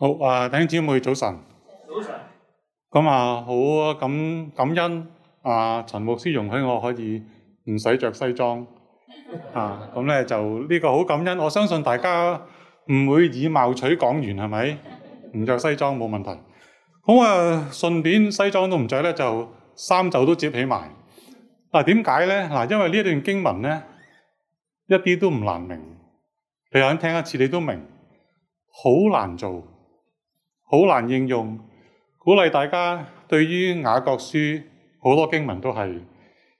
好啊，弟兄姊妹早晨。早晨。咁啊上、嗯，好感感恩啊，陳牧師容許我可以唔使着西裝啊。咁、嗯、咧、嗯、就呢、這個好感恩。我相信大家唔會以貌取講員係咪？唔着西裝冇問題。咁、嗯、啊，順便西裝都唔着咧，就衫袖都摺起埋。嗱、啊，點解呢？嗱、啊，因為呢段經文呢，一啲都唔難明。你肯聽一次，你都明。好難做。好難應用，鼓勵大家對於雅各書好多經文都係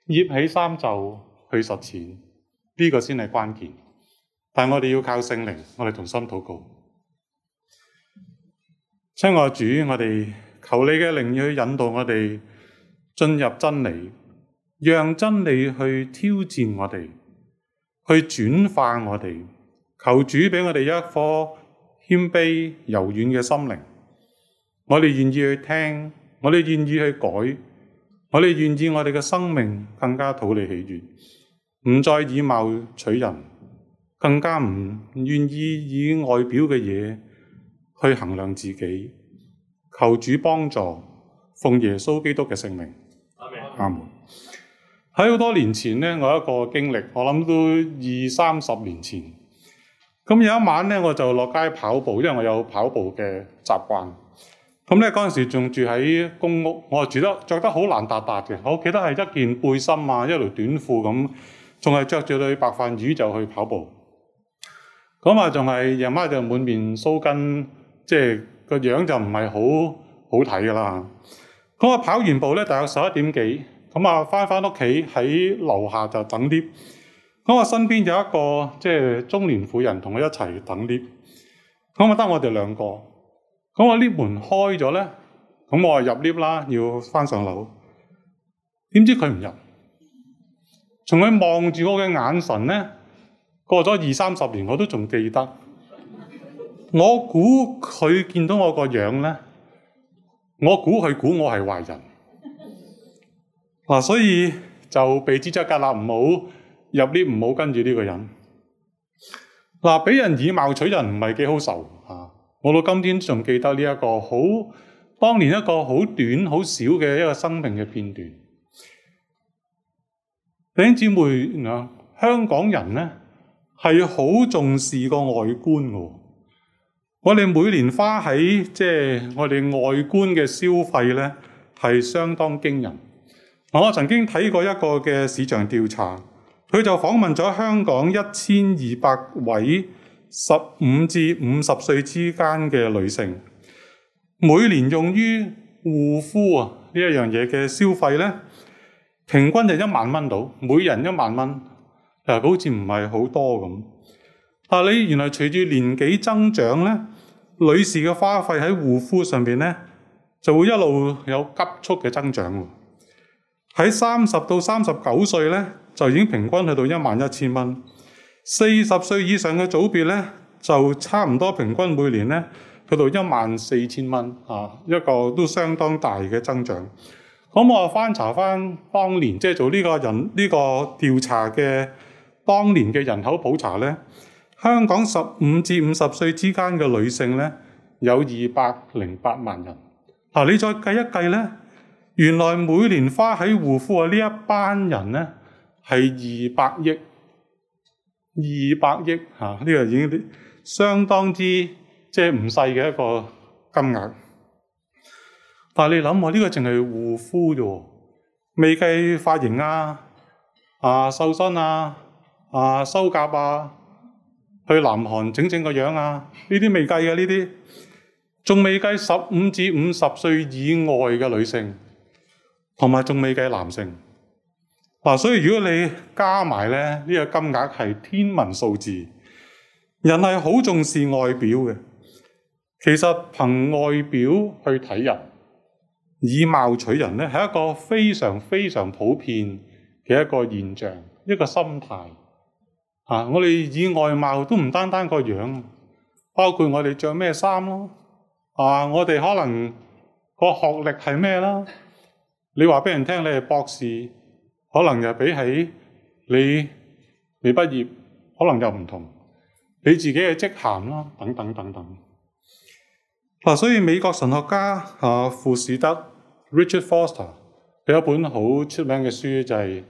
捋起衫袖去實踐，呢、這個先係關鍵。但我哋要靠聖靈，我哋同心禱告。親愛的主，我哋求你嘅靈去引導我哋進入真理，讓真理去挑戰我哋，去轉化我哋。求主俾我哋一顆謙卑柔軟嘅心靈。我哋願意去聽，我哋願意去改，我哋願意我哋嘅生命更加討你喜悅，唔再以貌取人，更加唔願意以外表嘅嘢去衡量自己。求主幫助，奉耶穌基督嘅聖名。阿門 Amen.。阿門。喺好多年前呢，我有一個經歷，我諗都二三十年前。咁有一晚呢，我就落街跑步，因為我有跑步嘅習慣。咁咧嗰陣時仲住喺公屋，我又住得著得好爛達達嘅，我屋企都係一件背心啊，一條短褲咁，仲係著住對白飯魚就去跑步。咁啊，仲係夜晚就滿面鬚根，即係個樣就唔係好好睇㗎喇。咁啊，我跑完步咧，大概十一點幾，咁啊，翻翻屋企喺樓下就等 lift。咁啊，我身邊有一個即係中年婦人同我一齊等 lift。咁啊，得我哋兩個。咁我呢門開咗咧，咁我就入 lift 啦，要翻上樓。點知佢唔入？從佢望住我嘅眼神呢，過咗二三十年我都仲記得。我估佢見到我個樣咧，我估佢估我係壞人。所以就被知則格納，唔好入 lift，唔好跟住呢個人。嗱，俾人以貌取人唔係幾好受。我到今天仲記得呢、這、一個好，當年一個好短、好少嘅一個生命嘅片段。弟兄姊妹，香港人呢係好重視個外觀嘅。我哋每年花喺即係我哋外觀嘅消費呢，係相當驚人。我曾經睇過一個嘅市場調查，佢就訪問咗香港一千二百位，十五至五十歲之間嘅女性，每年用於護膚啊呢一樣嘢嘅消費呢，平均就一萬蚊到，每人一萬蚊，誒，呃，好似唔係好多咁。但你原來隨住年紀增長呢，女士嘅花費喺護膚上面呢，就會一路有急速嘅增長。喺三十到三十九歲呢，就已經平均去到一萬一千蚊。四十歲以上嘅組別咧，就差唔多平均每年咧去到一萬四千蚊啊，一個都相當大嘅增長。咁我翻查翻當年即係、就是、做呢個人呢、呢個調查嘅當年嘅人口普查咧，香港十五至五十歲之間嘅女性咧有二百零八萬人。嗱、啊，你再計一計咧，原來每年花喺護膚啊呢一班人咧係二百億。二百億嚇，呢、啊呢個已經相當之即係唔細嘅一個金額。但你諗喎、啊，呢、呢個淨係護膚啫，未計髮型啊、啊瘦身啊、啊修甲啊，去南韓整整個樣啊，呢啲未計嘅呢啲，仲未計十五至五十歲以外嘅女性，同埋仲未計男性。所以如果你加埋咧，呢個金額係天文數字。人係好重視外表嘅，其實憑外表去睇人，以貌取人咧係一個非常非常普遍嘅一個現象，一個心態。啊，我哋以外貌都唔單單個樣，包括我哋著咩衫咯，啊，我哋可能個學歷係咩啦？你話俾人聽，你係博士。可能又比起你你畢業，可能又唔同你自己嘅職銜啦，等等等等。嗱、啊，所以美國神學家啊傅士德 Richard Foster 有一本好出名嘅書，就係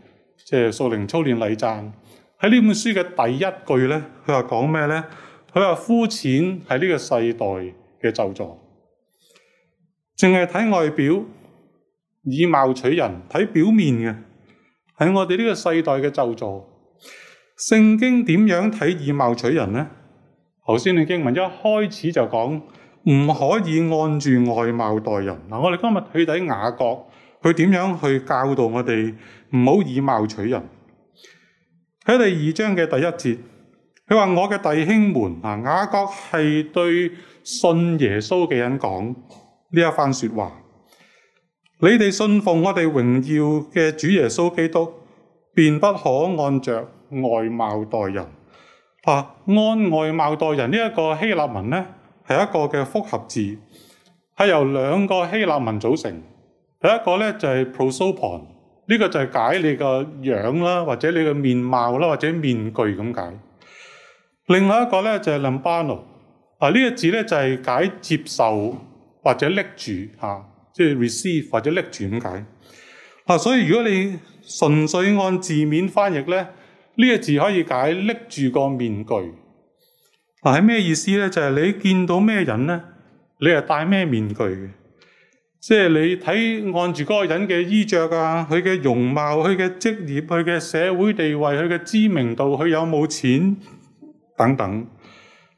即係《屬靈操練禮讚》。喺呢本書嘅第一句呢，佢話講咩呢？佢話膚淺係呢個世代嘅咒詛，淨係睇外表，以貌取人，睇表面嘅。喺我哋呢個世代嘅就助，聖經點樣睇以貌取人呢？頭先你經文一開始就講唔可以按住外貌待人。我哋今日去睇雅各，佢點樣去教導我哋唔好以貌取人。喺第二章嘅第一節，佢話我嘅弟兄們，嗱，雅各係對信耶穌嘅人講呢一番說話。你哋信奉我哋榮耀嘅主耶穌基督，便不可按着外貌待人。啊，按外貌待人呢一、這個希臘文呢，係一個嘅複合字，係由兩個希臘文組成。第一個呢，就係、是、prosopon，呢個就係解你個樣啦，或者你嘅面貌啦，或者面具咁解。另外一個呢，就係、是、lambano，啊呢、這個字呢，就係、是、解接受或者拎住啊。即係 receive 或者拎住點解。嗱，所以如果你純粹按字面翻譯咧，呢個字可以解拎住個面具。嗱，係咩意思咧？就係你見到咩人咧，你係戴咩面具嘅？即係你睇按住嗰個人嘅衣着啊，佢嘅容貌，佢嘅職業，佢嘅社會地位，佢嘅知名度，佢有冇錢等等，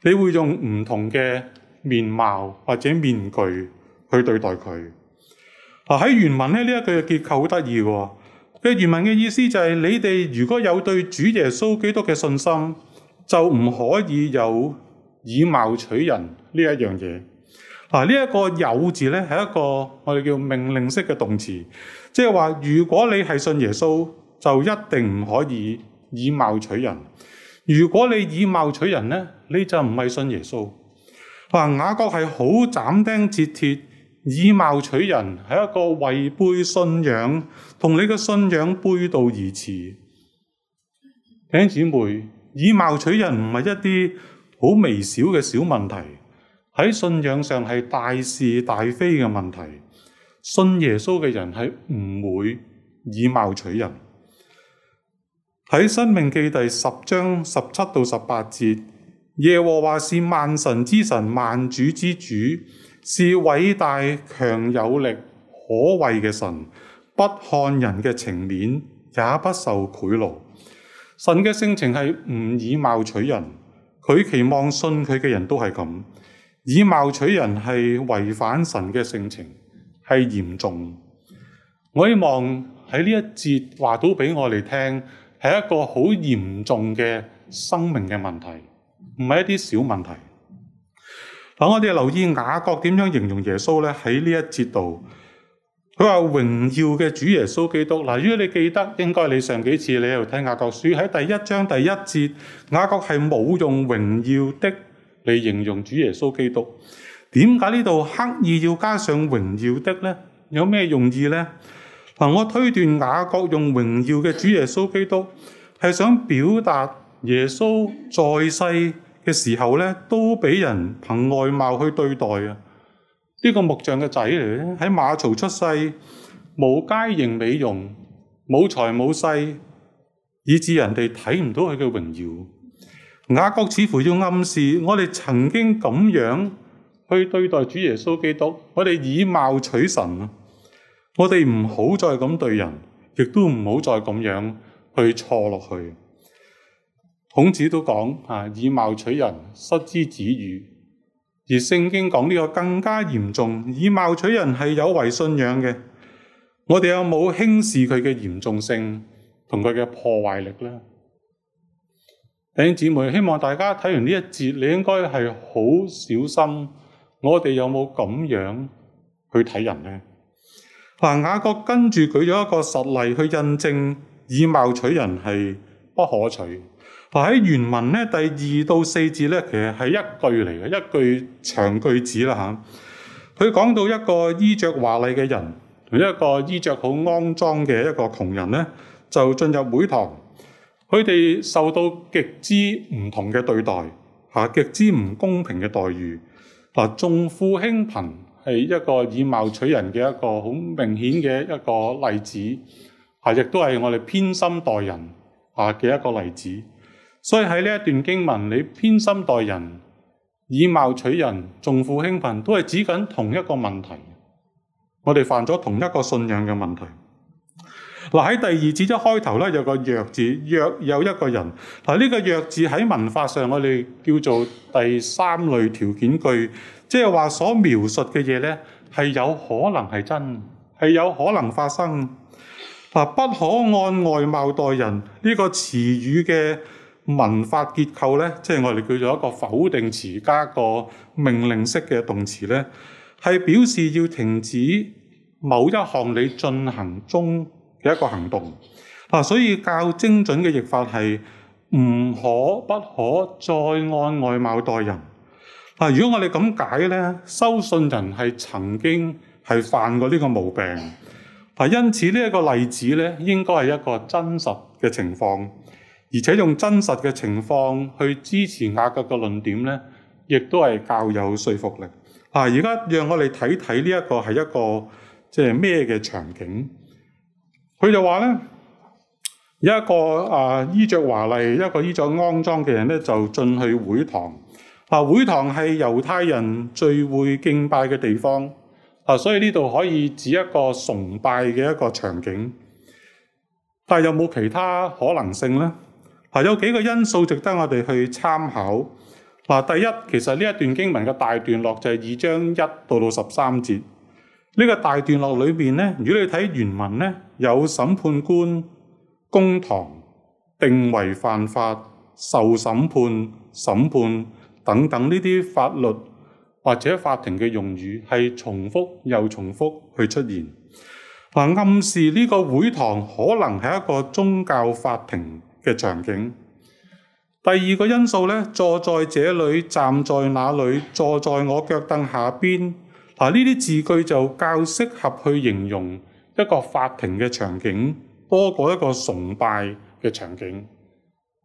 你會用唔同嘅面貌或者面具去對待佢。喺原文咧呢一句嘅結構好得意嘅，嘅原文嘅意思就係、是、你哋如果有對主耶穌基督嘅信心，就唔可以有以貌取人一、啊這個、呢一樣嘢。嗱呢一個有字咧係一個我哋叫命令式嘅動詞，即係話如果你係信耶穌，就一定唔可以以貌取人。如果你以貌取人咧，你就唔係信耶穌。嗱、啊、雅各係好斬釘截鐵。以貌取人係一個違背信仰，同你嘅信仰背道而馳。弟兄姊妹，以貌取人唔係一啲好微小嘅小問題，喺信仰上係大是大非嘅問題。信耶穌嘅人係唔會以貌取人。喺《申命記》第十章十七到十八節，耶和華是萬神之神，萬主之主。是偉大、強有力、可畏嘅神，不看人嘅情面，也不受賄賂。神嘅性情係唔以貌取人，佢期望信佢嘅人都係咁。以貌取人係違反神嘅性情，係嚴重。我希望喺呢一節話到俾我哋聽，係一個好嚴重嘅生命嘅問題，唔係一啲小問題。嗱，我哋留意雅各點樣形容耶穌咧？喺呢一節度，佢話榮耀嘅主耶穌基督。嗱，如果你記得，應該你上幾次你喺度睇雅各書喺第一章第一節，雅各係冇用榮耀的嚟，形容主耶穌基督。點解呢度刻意要加上榮耀的咧？有咩用意咧？嗱，我推斷雅各用榮耀嘅主耶穌基督係想表達耶穌在世嘅時候呢，都俾人憑外貌去對待啊！呢個木匠嘅仔嚟咧，喺馬槽出世，無佳形美容，無財無勢，以致人哋睇唔到佢嘅榮耀。雅各似乎要暗示我哋曾經咁樣去對待主耶穌基督，我哋以貌取神啊！我哋唔好再咁對人，亦都唔好再咁樣去錯落去。孔子都講，以貌取人失之子羽。而聖經講呢個更加嚴重，以貌取人係有違信仰嘅。我哋有冇輕視佢嘅嚴重性同佢嘅破壞力呢？弟兄姊妹，希望大家睇完呢一節，你應該係好小心。我哋有冇咁樣去睇人呢？嗱，雅各跟住舉咗一個實例去印證，以貌取人係不可取。喺原文第二到四節咧，其實係一句嚟嘅，一句長句子啦嚇。佢、啊、講到一個衣着華麗嘅人同一個衣着好骯髒嘅一個窮人咧，就進入會堂，佢哋受到極之唔同嘅對待，嚇、啊、極之唔公平嘅待遇。重、啊、富輕貧係一個以貌取人嘅一個好明顯嘅一個例子，嚇、啊、亦都係我哋偏心待人嚇嘅一個例子。啊啊。所以喺呢一段經文，你偏心待人、以貌取人、重富輕貧，都係指緊同一個問題。我哋犯咗同一個信仰嘅問題。嗱，喺第二節一開頭呢，有個若字，若有一個人，嗱、這、呢個若字喺文法上我哋叫做第三類條件句，即係話所描述嘅嘢呢，係有可能係真，係有可能發生。嗱，不可按外貌待人呢、這個詞語嘅。文法結構呢，即係我哋叫做一個否定詞加個命令式嘅動詞呢，係表示要停止某一項你進行中嘅一個行動。嗱，所以較精準嘅譯法係唔可不可再按外貌待人。嗱，如果我哋咁解呢，收信人係曾經係犯過呢個毛病。嗱，因此呢一個例子呢，應該係一個真實嘅情況。而且用真實嘅情況去支持雅各嘅論點呢，亦都係較有說服力。啊，而家讓我哋睇睇呢一個係一個即係咩嘅場景？佢就話呢一個衣着華麗、一個衣、啊、着骯髒嘅人呢，就進去會堂。啊，會堂係猶太人聚會敬拜嘅地方。啊，所以呢度可以指一個崇拜嘅一個場景。但係有冇其他可能性呢？」係有幾個因素值得我哋去參考。第一，其實呢一段經文嘅大段落就係二章一到到十三節。呢個大段落裏面，咧，如果你睇原文呢，有審判官、公堂、定為犯法、受審判、審判等等呢啲法律或者法庭嘅用語係重複又重複去出現。暗示呢個會堂可能係一個宗教法庭嘅場景。第二個因素咧，坐在這裡、站在那裡，坐在我腳凳下邊，嗱，呢啲字句就較適合去形容一個法庭嘅場景，多過一個崇拜嘅場景。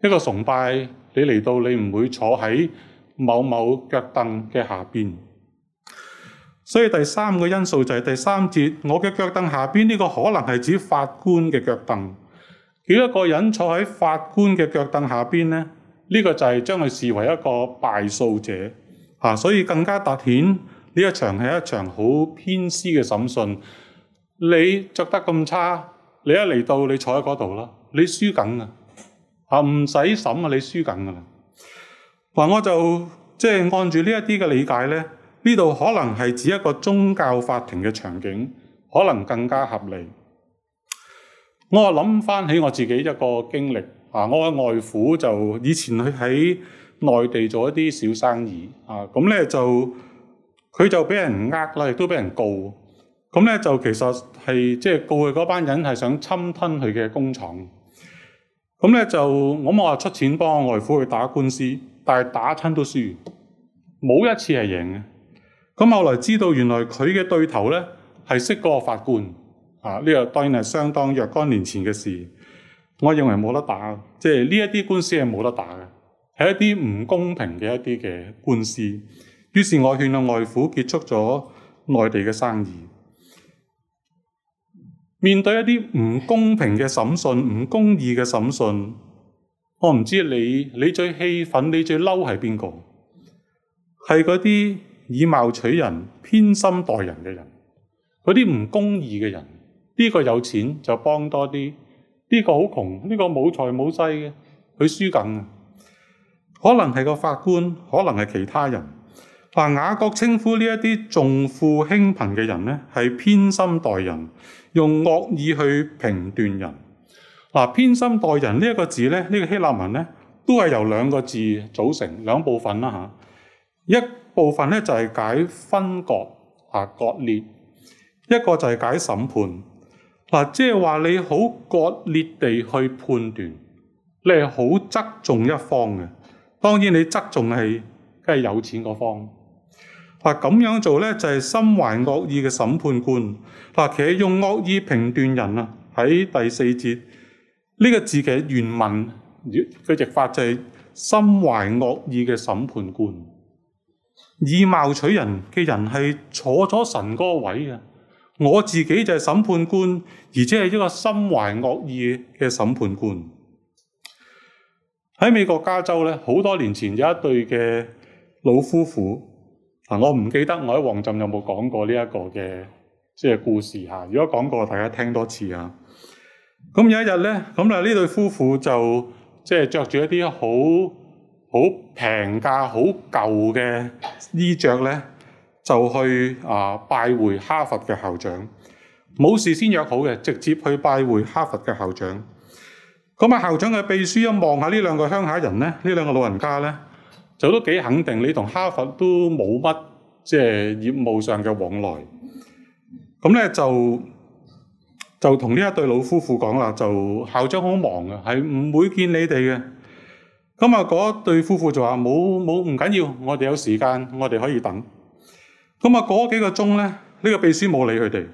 一個崇拜，你嚟到你唔會坐喺某某腳凳嘅下邊。所以第三個因素就係第三節，我嘅腳凳下邊呢個可能係指法官嘅腳凳。幾多個人坐喺法官嘅腳凳下面，咧？呢個就係將佢視為一個敗訴者，吓、啊，所以更加凸顯呢一場係一場好偏私嘅審訊。你着得咁差，你一嚟到你坐喺嗰度啦，你輸緊噶，吓、啊，唔使審啊，你輸緊噶啦。我就即係、就是、按住呢一啲嘅理解咧，呢度可能係指一個宗教法庭嘅場景，可能更加合理。我又諗翻起我自己一個經歷，啊，我的外父就以前佢喺內地做一啲小生意，啊，咁、嗯、咧就佢就俾人呃啦，亦都俾人告，咁、嗯、咧就其實係即係告佢嗰班人係想侵吞佢嘅工廠，咁、嗯、咧就、嗯、我咪話出錢幫我外父去打官司，但係打親都輸，冇一次係贏嘅。咁、嗯、後來知道原來佢嘅對頭呢係識嗰個法官。啊！呢個當然係相當若干年前嘅事。我認為冇得打，即係呢一啲官司係冇得打嘅，係一啲唔公平嘅一啲嘅官司。於是，我勸我外父結束咗內地嘅生意。面對一啲唔公平嘅審訊、唔公義嘅審訊，我唔知你你最氣憤、你最嬲係邊個？係嗰啲以貌取人、偏心待人嘅人，嗰啲唔公義嘅人。呢個有錢就幫多啲，呢、這個好窮，呢、這個冇財冇勢嘅，佢輸緊，可能係個法官，可能係其他人。嗱，雅各稱呼這些呢一啲重富輕貧嘅人咧，係偏心待人，用惡意去評斷人。嗱、啊，偏心待人呢一個字咧，呢、這個希臘文呢都係由兩個字組成，兩部分啦、啊、一部分呢就係、是、解分割啊割裂，一個就係解審判。嗱，即係話你好割裂地去判斷，你係好側重一方嘅。當然你側重係梗係有錢嗰方。嗱，咁樣做咧就係心懷惡意嘅審判官。其實用惡意評斷人啊，喺第四節呢、這個字嘅原文嘅譯法就係心懷惡意嘅審判官，以貌取人嘅人係坐咗神嗰位嘅。我自己就係審判官，而且係一個心懷惡意嘅審判官。喺美國加州呢，好多年前有一對嘅老夫婦，我唔記得我喺旺浸有冇講過呢一個嘅故事。如果講過，大家聽多次啊。咁有一日呢，咁呢對夫婦就即係着住一啲好好平價、好舊嘅衣着呢。就去啊拜會哈佛嘅校長，冇事先約好嘅，直接去拜會哈佛嘅校長。咁啊，校長嘅秘書一望下呢兩個鄉下人呢，呢兩個老人家呢，就都幾肯定你同哈佛都冇乜即係業務上嘅往來。咁、嗯、咧就就同呢一對老夫婦講啦，就校長好忙啊，係唔會見你哋嘅。咁啊，嗰對夫婦就話冇冇唔緊要，我哋有時間，我哋可以等。咁啊，過咗幾個鐘咧，呢個秘書冇理佢哋，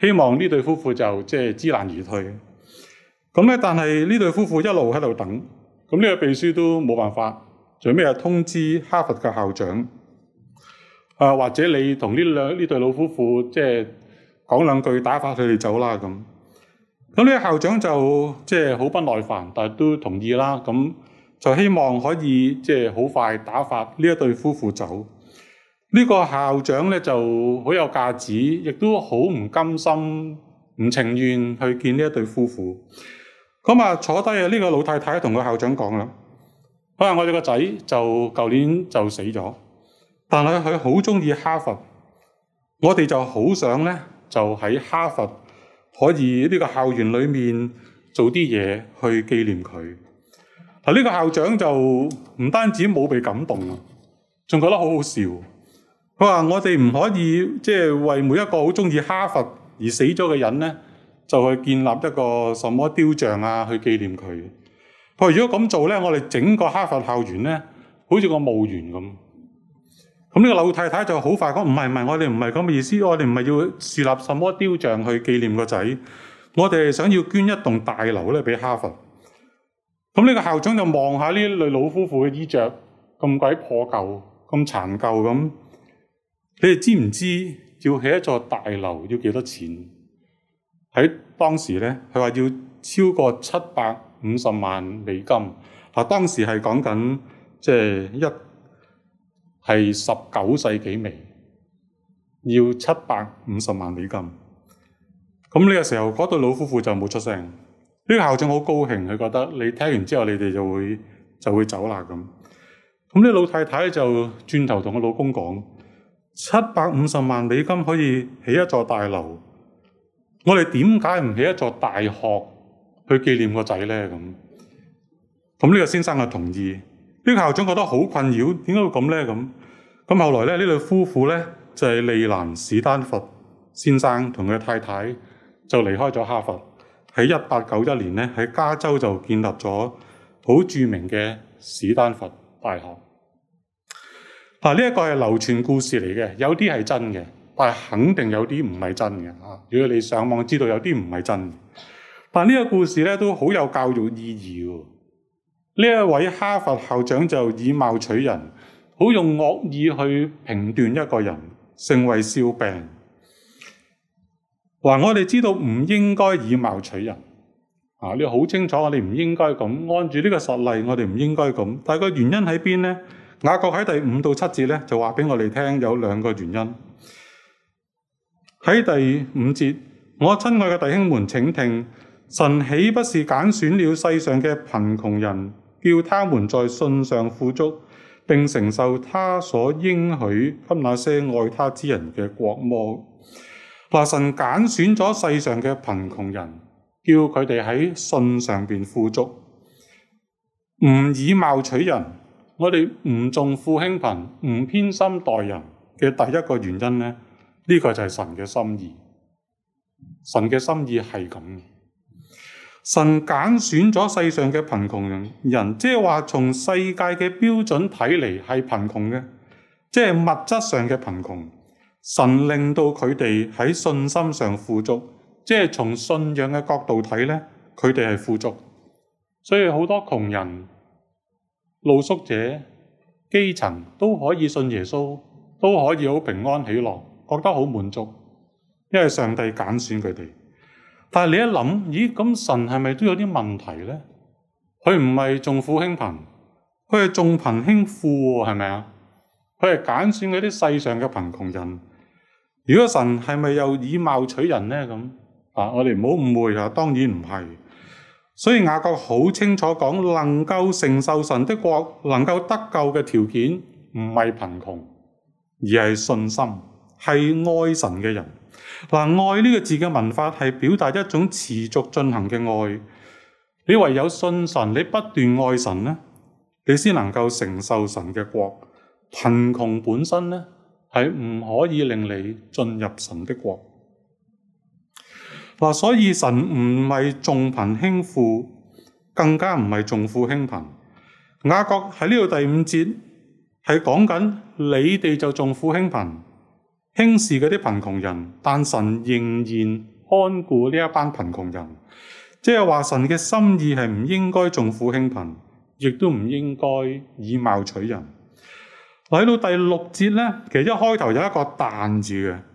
希望呢對夫婦就即係知難而退。咁咧，但係呢對夫婦一路喺度等，咁呢個秘書都冇辦法。最尾就通知哈佛嘅校長，啊，或者你同呢兩呢對老夫婦即係講兩句，打發佢哋走啦咁。咁呢個校長就即係好不耐煩，但係都同意啦。咁就希望可以即係好快打發呢一對夫婦走。呢個校長呢就好有架子，亦都好唔甘心，唔情願去見呢一對夫婦。咁啊，坐低啊，呢個老太太同個校長講啦：，啊、哎，我哋個仔就舊年就死咗，但係佢好中意哈佛，我哋就好想呢，就喺哈佛可以呢個校園裏面做啲嘢，去紀念佢。啊，呢個校長就唔單止冇被感動啊，仲覺得好好笑。佢話：他說我哋唔可以即係、就是、為每一個好鍾意哈佛而死咗嘅人咧，就去建立一個什麼雕像啊，去紀念佢。佢話：如果咁做咧，我哋整個哈佛校園咧，好似個墓園咁。咁呢個老太太就好快講：唔係唔係，我哋唔係咁嘅意思，我哋唔係要樹立什麼雕像去紀念個仔，我哋係想要捐一棟大樓咧俾哈佛。咁呢個校長就望下呢對老夫婦嘅衣着，咁鬼破舊，咁殘舊咁。你哋知唔知要起一座大樓要幾多錢？喺當時呢，佢話要超過七百五十萬美金。啊，當時係講緊即係一係十九世紀末，要七百五十萬美金。咁呢個時候，嗰對老夫婦就冇出聲。呢個校長好高興，佢覺得你聽完之後，你哋就會就會走啦咁。呢個老太太就轉頭同個老公講。七百五十萬美金可以起一座大樓，我哋點解唔起一座大學去紀念個仔呢？咁咁呢個先生就同意，呢、這個、校長覺得好困擾，點解會咁咧？咁咁後來咧，呢對夫婦呢，就係、是、利蘭史丹佛先生同佢太太就離開咗哈佛，喺一八九一年呢，喺加州就建立咗好著名嘅史丹佛大學。嗱，呢一，啊，這個係流傳故事嚟嘅，有啲係真嘅，但肯定有啲唔係真嘅。吓、啊，如果你上網知道有啲唔係真嘅，啊，但係呢個故事呢，都好有教育意義。呢、啊，一位哈佛校長就以貌取人，好用惡意去評斷一個人，成為笑柄。嗱、啊，說我哋知道唔應該以貌取人。吓、啊，你好清楚，我哋唔應該咁按住呢個實例，我哋唔應該咁。但係個原因喺邊呢？雅各喺第五到七節咧，就話俾我哋聽有兩個原因。喺第五節，我親愛嘅弟兄們，請聽，神豈不是揀選了世上嘅貧窮人，叫他們在信上富足，並承受他所應許給那些愛他之人嘅國度？嗱，神揀選咗世上嘅貧窮人，叫佢哋喺信上邊富足，唔以貌取人。我哋唔重富輕貧，唔偏心待人嘅第一個原因呢，呢個就係神嘅心意。神嘅心意係咁，神揀選咗世上嘅貧窮人，即係話從世界嘅標準睇嚟係貧窮嘅，即係物質上嘅貧窮。神令到佢哋喺信心上富足，即係從信仰嘅角度睇呢，佢哋係富足。所以好多窮人，露宿者、基層都可以信耶穌，都可以好平安喜樂，覺得好滿足，因為上帝揀選佢哋。但係你一諗，咦，咁神係咪都有啲問題呢？佢唔係重富輕貧，佢係重貧輕富喎，係咪啊？佢係揀選嗰啲世上嘅貧窮人。如果神係咪又以貌取人呢？咁啊，我哋唔好誤會啊，當然唔係。所以雅各好清楚講，能夠承受神的國、能夠得救嘅條件，唔係貧窮，而係信心，係愛神嘅人。嗱、呃，愛呢個字嘅文化係表達一種持續進行嘅愛。你唯有信神，你不斷愛神咧，你先能夠承受神嘅國。貧窮本身呢，係唔可以令你進入神的國。所以神唔係重貧輕富，更加唔係重富輕貧。雅各喺呢度第五節係講緊你哋就重富輕貧，輕視嗰啲貧窮人，但神仍然看顧呢一班貧窮人，即係話神嘅心意係唔應該重富輕貧，亦都唔應該以貌取人。嗱，嚟到第六節呢，其實一開頭有一個彈字嘅。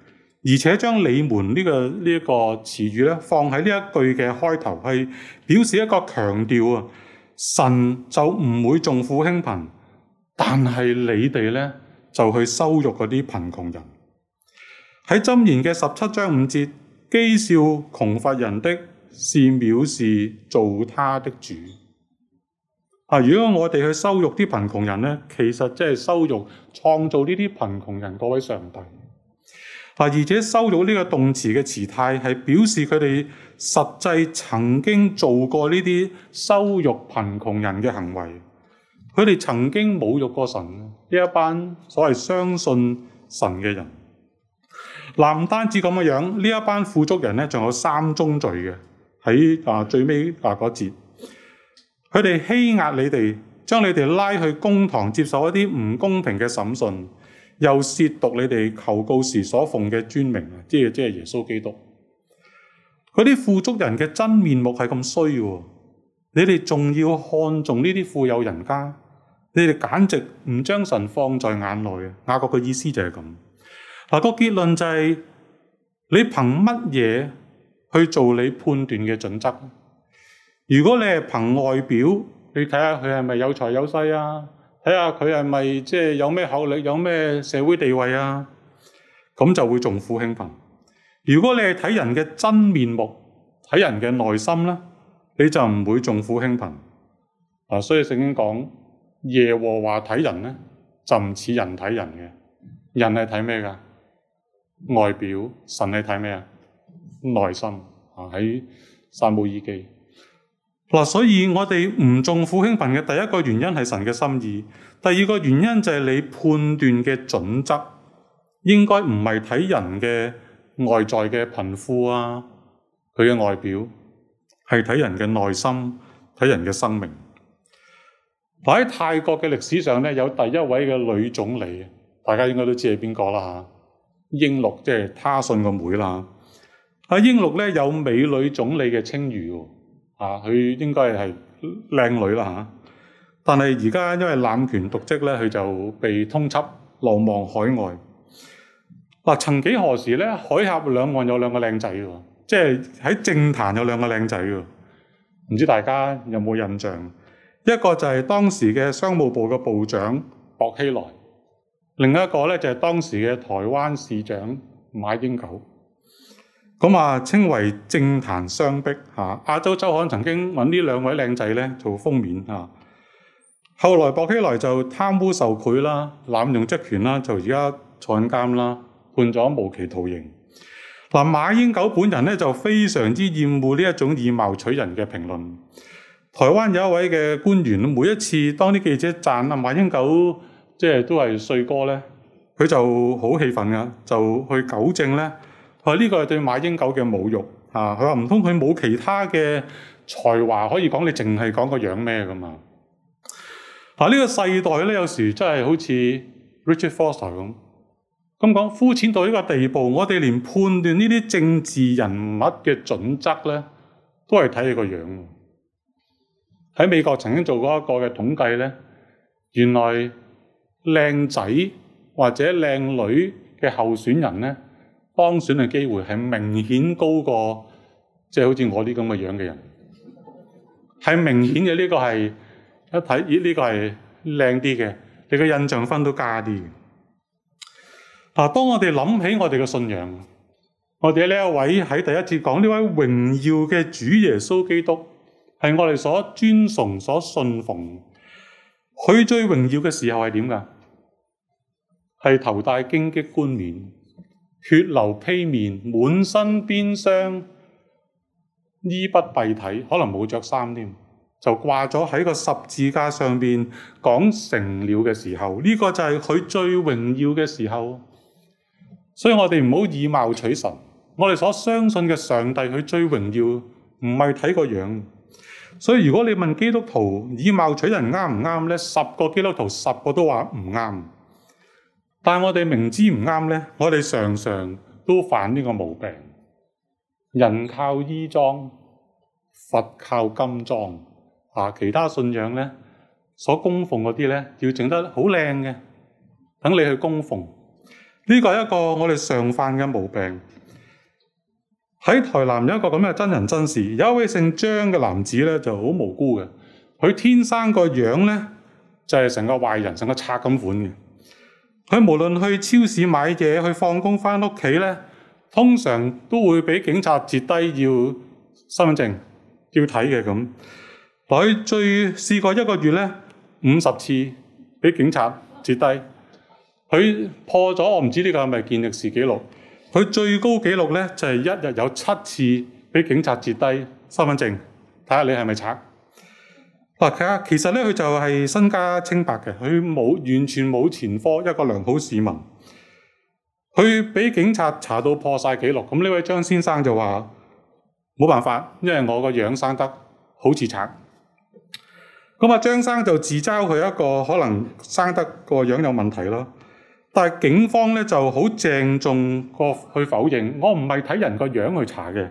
而且將你們呢個呢一個詞語咧，放喺呢一句嘅開頭，係表示一個強調啊。神就唔會重富輕貧，但係你哋呢，就去羞辱嗰啲貧窮人。喺箴言嘅十七章五節，譏笑窮乏人的，是藐視做他的主。啊，如果我哋去羞辱啲貧窮人呢，其實即係羞辱創造呢啲貧窮人嗰位上帝。而且羞辱呢個動詞嘅詞態係表示佢哋實際曾經做過呢啲羞辱貧窮人嘅行為，佢哋曾經侮辱過神呢一班所謂相信神嘅人。嗱，唔單止咁嘅樣，呢一班富足人咧，仲有三宗罪嘅。喺最尾啊嗰節，佢哋欺壓你哋，將你哋拉去公堂接受一啲唔公平嘅審訊。又褻瀆你哋求告時所奉嘅尊名，即係即係耶穌基督。佢啲富足人嘅真面目係咁衰，你哋仲要看重呢啲富有人家？你哋簡直唔將神放在眼內啊！雅各嘅意思就係咁。嗱，那個結論就係、是、你憑乜嘢去做你判斷嘅準則？如果你係憑外表，你睇下佢係咪有財有勢啊？睇下佢係咪即係有咩學歷，有咩社會地位啊？咁就會重富輕貧。如果你係睇人嘅真面目，睇人嘅內心呢，你就唔會重富輕貧。啊，所以聖經講耶和華睇人呢，就唔似人睇人嘅。人係睇咩㗎？外表神係睇咩啊？內心啊，喺撒母耳記。所以我哋唔重富輕貧嘅第一個原因係神嘅心意，第二個原因就係你判斷嘅準則應該唔係睇人嘅外在嘅貧富啊，佢嘅外表係睇人嘅內心，睇人嘅生命。喺泰國嘅歷史上呢，有第一位嘅女總理，大家應該都知係邊個啦吓，英祿即係他信個妹啦。阿英祿呢，有美女總理嘅稱譽。啊！佢應該係靚女啦，但係而家因為濫權瀆職咧，佢就被通緝流亡海外。嗱，曾幾何時咧，海峽兩岸有兩個靚仔喎，即係喺政壇有兩個靚仔喎，唔知大家有冇印象？一個就係當時嘅商務部嘅部長薄熙來，另一個咧就係當時嘅台灣市長馬英九。咁啊，稱為政壇雙璧嚇。亞洲周刊曾經揾呢兩位靚仔咧做封面嚇。後來薄熙來就貪污受賄啦、濫用職權啦，就而家坐緊監啦，判咗無期徒刑。嗱，馬英九本人咧就非常之厭惡呢一種以貌取人嘅評論。台灣有一位嘅官員，每一次當啲記者讚啊馬英九是是，即係都係帥哥咧，佢就好氣憤噶，就去糾正咧。佢話呢個係對馬英九嘅侮辱嚇！佢話唔通佢冇其他嘅才華可以講，你淨係講個樣咩噶嘛？嗱、啊，呢、這個世代咧，有時真係好似 Richard Foster 咁咁講，膚淺到呢個地步，我哋連判斷呢啲政治人物嘅準則咧，都係睇佢個樣。喺美國曾經做過一個嘅統計咧，原來靚仔或者靚女嘅候選人呢。當選嘅機會係明顯高過，即、就、係、是、好似我啲咁嘅樣嘅人，係明顯嘅呢、這個係一睇呢、這個係靚啲嘅，你嘅印象分都加啲。嗱，當我哋諗起我哋嘅信仰，我哋呢一位喺第一次講呢位榮耀嘅主耶穌基督，係我哋所尊崇、所信奉。佢最榮耀嘅時候係點㗎？係頭戴荊棘冠冕。血流披面，滿身鞭傷，衣不蔽體，可能冇著衫添，就掛咗喺個十字架上面。講成了嘅時候，呢、這個就係佢最榮耀嘅時候。所以我哋唔好以貌取神，我哋所相信嘅上帝佢最榮耀唔係睇個樣子。所以如果你問基督徒以貌取人啱唔啱咧，十個基督徒十個都話唔啱。但我哋明知唔啱咧，我哋常常都犯呢個毛病。人靠衣裝，佛靠金裝。啊，其他信仰呢，所供奉嗰啲咧，要整得好靚嘅，等你去供奉。呢個係一個我哋常犯嘅毛病。喺台南有一個咁嘅真人真事，有一位姓張嘅男子呢，就好無辜嘅。佢天生個樣呢，就係、是、成個壞人，成個賊咁款嘅。佢無論去超市買嘢，去放工返屋企咧，通常都會俾警察截低要身份證，要睇嘅咁。佢最試過一個月咧五十次俾警察截低，佢破咗我唔知呢個係咪健力士紀錄。佢最高紀錄咧就係、是、一日有七次俾警察截低身份證，睇下你係咪賊。其實咧，佢就係身家清白嘅，佢冇，完全冇前科，一個良好市民。佢俾警察查到破曬記錄，咁呢位張先生就話：冇辦法，因為我個樣生得好似賊。咁啊，張生就自嘲佢一個可能生得個樣有問題咯。但係警方咧就好鄭重個去否認，我唔係睇人個樣去查嘅。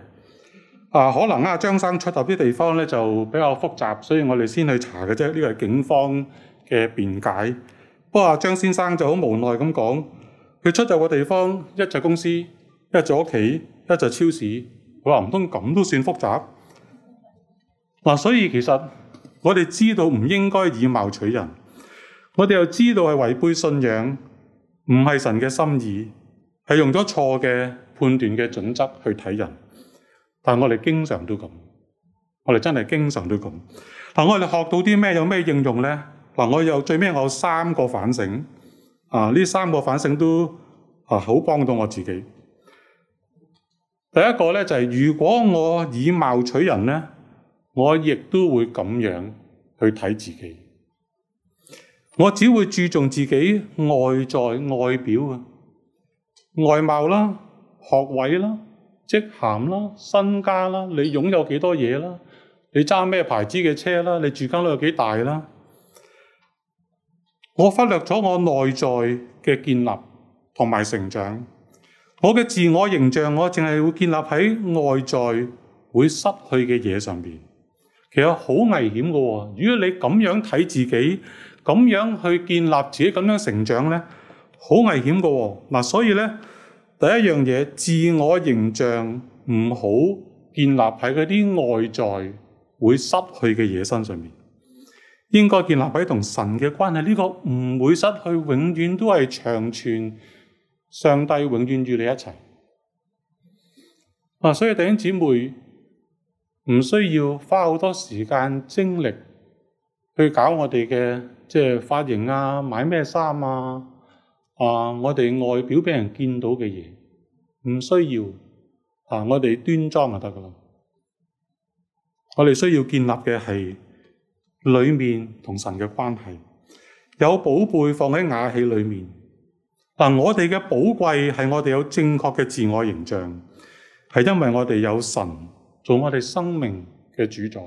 啊，可能啊，張生出入啲地方咧就比較複雜，所以我哋先去查嘅啫。呢個係警方嘅辯解。不過啊，張先生就好無奈咁講，佢出入嘅地方一就公司，一就屋企，一就超市。佢話唔通咁都算複雜？嗱、啊，所以其實我哋知道唔應該以貌取人，我哋又知道係違背信仰，唔係神嘅心意，係用咗錯嘅判斷嘅準則去睇人。但我哋經常都咁，我哋真係經常都咁。嗱，我哋學到啲咩？有咩應用呢？我有最屘我有三個反省，啊，呢三個反省都啊好幫到我自己。第一個呢，就係如果我以貌取人呢，我亦都會咁樣去睇自己。我只會注重自己外在外表啊，外貌啦，學位啦。職銜啦、身家啦、你擁有幾多嘢啦、你揸咩牌子嘅車啦、你住間屋有幾大啦，我忽略咗我內在嘅建立同埋成長。我嘅自我形象，我淨係會建立喺外在會失去嘅嘢上邊，其實好危險嘅喎。哦。如果你咁樣睇自己，咁樣去建立自己，咁樣成長咧，好危險嘅喎。嗱，所以咧。第一樣嘢，自我形象唔好建立喺嗰啲外在會失去嘅嘢身上面，應該建立喺同神嘅關係。呢個唔會失去，永遠都係長存。上帝永遠與你一齊。所以弟兄姊妹唔需要花好多時間精力去搞我哋嘅即係髮型啊，買咩衫啊。啊！我哋外表俾人見到嘅嘢唔需要，啊！我哋端莊就得㗎喇。我哋需要建立嘅係裏面同神嘅關係，有寶貝放喺瓦器裏面。但、啊、我哋嘅寶貴係我哋有正確嘅自我形象，係因為我哋有神做我哋生命嘅主宰。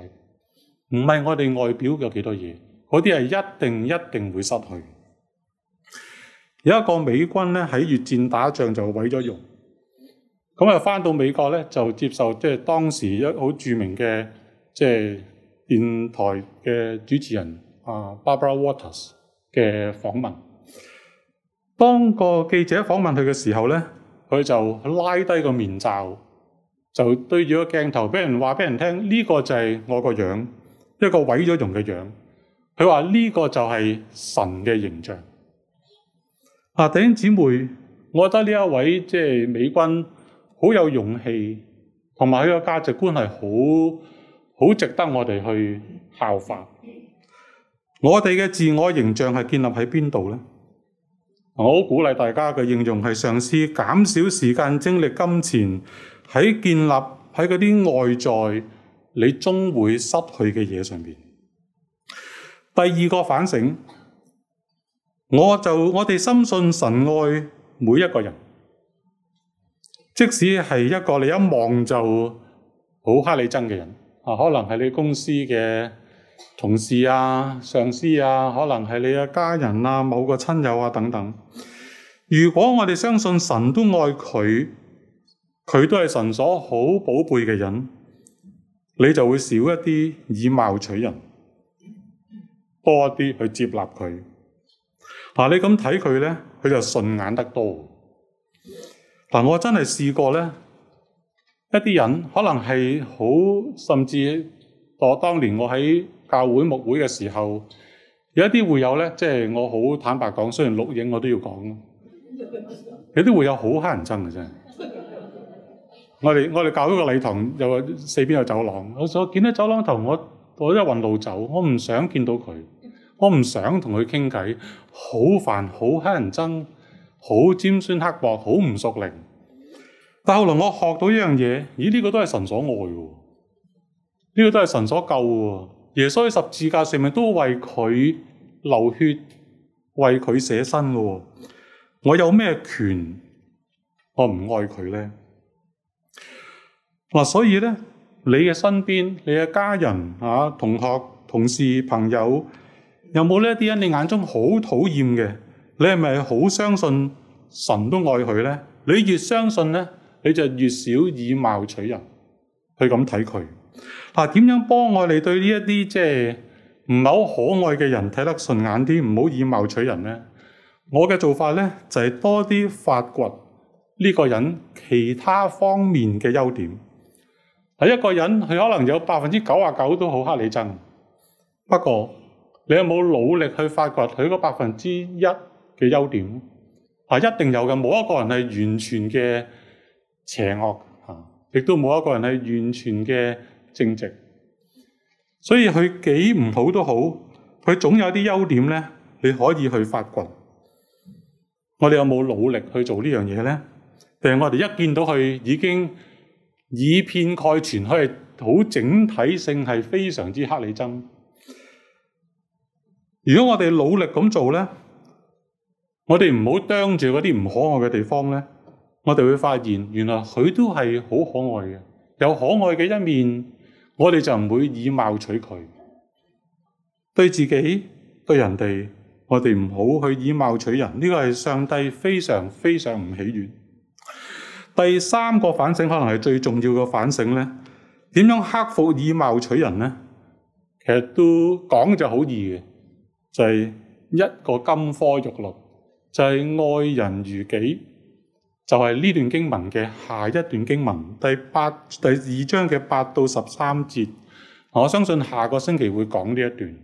唔係我哋外表有幾多嘢，嗰啲係一定一定會失去。有一個美軍咧喺越戰打仗就毀咗容，咁啊返到美國咧就接受即係當時一個好著名嘅，即係電台嘅主持人啊 Barbara Waters 嘅訪問。當個記者訪問佢嘅時候咧，佢就拉低個面罩，就對住個鏡頭俾人話俾人聽，呢個就係我個樣子，一個毀咗容嘅樣子。佢話呢個就係神嘅形象。啊，弟兄姊妹，我覺得呢位即係美軍好有勇氣，同埋佢個價值觀係好值得我哋去效法。我哋嘅自我形象係建立喺邊度咧？我好鼓勵大家嘅應用係嘗試減少時間、精力、金錢喺建立喺嗰啲外在，你終會失去嘅嘢上面。第二個反省。我就我哋深信神愛每一個人，即使係一個你一望就好乞你憎嘅人，啊，可能係你公司嘅同事啊、上司啊，可能係你嘅家人啊、某個親友啊等等。如果我哋相信神都愛佢，佢都係神所好寶貝嘅人，你就會少一啲以貌取人，多一啲去接納佢。你咁睇佢咧，佢就順眼得多。嗱，我真係試過咧，一啲人可能係好，甚至我當年我喺教會牧會嘅時候，有一啲會友呢，即係我好坦白講，雖然錄影我都要講，有啲會友好乞人憎嘅真係。我哋我哋教會個禮堂有四邊有走廊，我所見到走廊頭，我我一揾路走，我唔想見到佢。我唔想同佢傾偈，好煩，好乞人憎，好尖酸刻薄，好唔熟靈。但後來我學到一樣嘢，咦？呢個都係神所愛嘅，呢個都係神所救嘅。耶穌喺十字架上面都為佢流血，為佢捨身嘅。我有咩權我唔愛佢呢？嗱，所以咧，你嘅身邊，你嘅家人，同學、同事、朋友。有冇呢一啲人你眼中好討厭嘅？你係咪好相信神都愛佢呢？你越相信呢，你就越少以貌取人去咁睇佢。嗱、啊，點樣幫我哋對呢一啲即係唔係好可愛嘅人睇得順眼啲，唔好以貌取人呢？我嘅做法咧就係多啲發掘呢個人其他方面嘅優點。係一個人佢可能有百分之九十九都好黑你憎，不過。你有冇努力去發掘佢嗰百分之一嘅優點？一定有嘅，冇一個人係完全嘅邪惡吓，亦都冇一個人係完全嘅正直。所以佢幾唔好都好，佢總有啲優點咧，你可以去發掘。我哋有冇努力去做呢樣嘢呢？定係我哋一見到佢已經以偏概全，佢係好整體性係非常之乞人憎。如果我哋努力咁做咧，我哋唔好盯住嗰啲唔可愛嘅地方咧，我哋會發現原來佢都係好可愛嘅，有可愛嘅一面，我哋就唔會以貌取佢。對自己對人哋，我哋唔好去以貌取人，呢個係上帝非常非常唔喜悅。第三個反省可能係最重要嘅反省呢，點樣克服以貌取人呢？其實都講就好易嘅。就係一個金科玉律，就係、是、愛人如己，就係、是、呢段經文嘅下一段經文，第八第二章嘅八到十三節。我相信下個星期會講呢一段。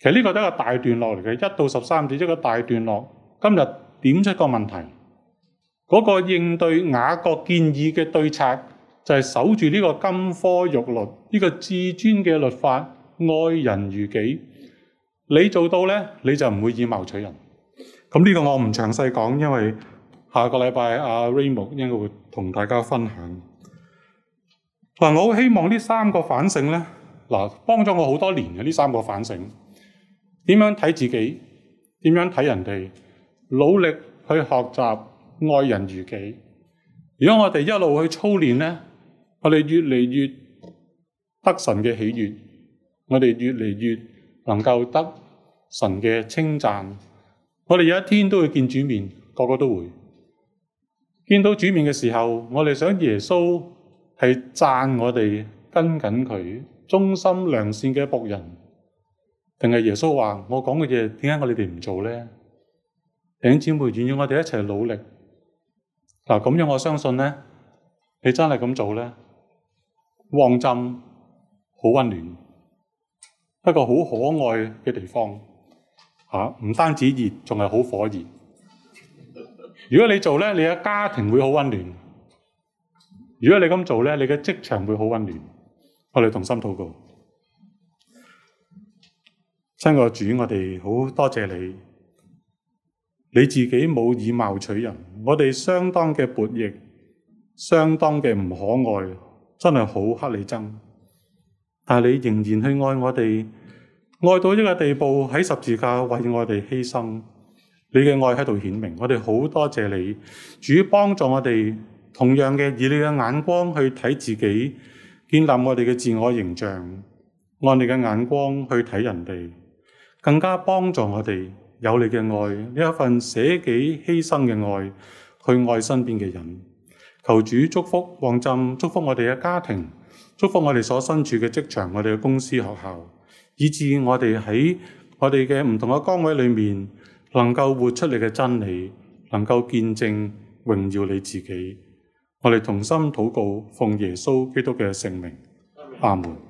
其實呢個都係一個大段落嚟嘅，一到十三節一個大段落。今日點出一個問題，嗰、那個應對雅各建議嘅對策，就係守住呢個金科玉律，呢、這個至尊嘅律法，愛人如己。你做到呢，你就唔會以貌取人。咁、這、呢個我唔詳細講，因為下個禮拜阿 Raymond 應該會同大家分享。嗱，我好希望呢三個反省呢，嗱，幫咗我好多年嘅呢三個反省。點樣睇自己？點樣睇人哋？努力去學習，愛人如己。如果我哋一路去操練呢，我哋越嚟越得神嘅喜悅，我哋越嚟越能夠得神嘅稱讚，我哋有一天都會見主面，個個都會見到主面嘅時候，我哋想耶穌係讚我哋跟緊佢，忠心良善嘅僕人，定係耶穌話我說的話我講嘅嘢，點解我哋唔做呢？弟兄姊妹，願意我哋一齊努力。嗱咁樣，我相信呢，你真係咁做呢？旺浸好溫暖。一個好可愛嘅地方，吓唔單止熱，仲係好火熱。如果你做咧，你嘅家庭會好溫暖；如果你咁做咧，你嘅職場會好溫暖。我哋同心禱告，親愛嘅主，我哋好多謝你。你自己冇以貌取人，我哋相當嘅悖逆，相當嘅唔可愛，真係好乞你憎。但係你仍然去愛我哋，愛到一個地步喺十字架為我哋犧牲，你嘅愛喺度顯明，我哋好多謝你。主幫助我哋，同樣嘅以你嘅眼光去睇自己，建立我哋嘅自我形象，按你嘅眼光去睇人哋，更加幫助我哋有你嘅愛呢一份捨己犧牲嘅愛去愛身邊嘅人。求主祝福旺浸，祝福我哋嘅家庭，祝福我哋所身處嘅職場，我哋嘅公司、學校。以致我哋喺我哋嘅唔同嘅崗位裏面，能夠活出你嘅真理，能夠見證榮耀你自己。我哋同心禱告，奉耶穌基督嘅聖名，Amen. 阿門。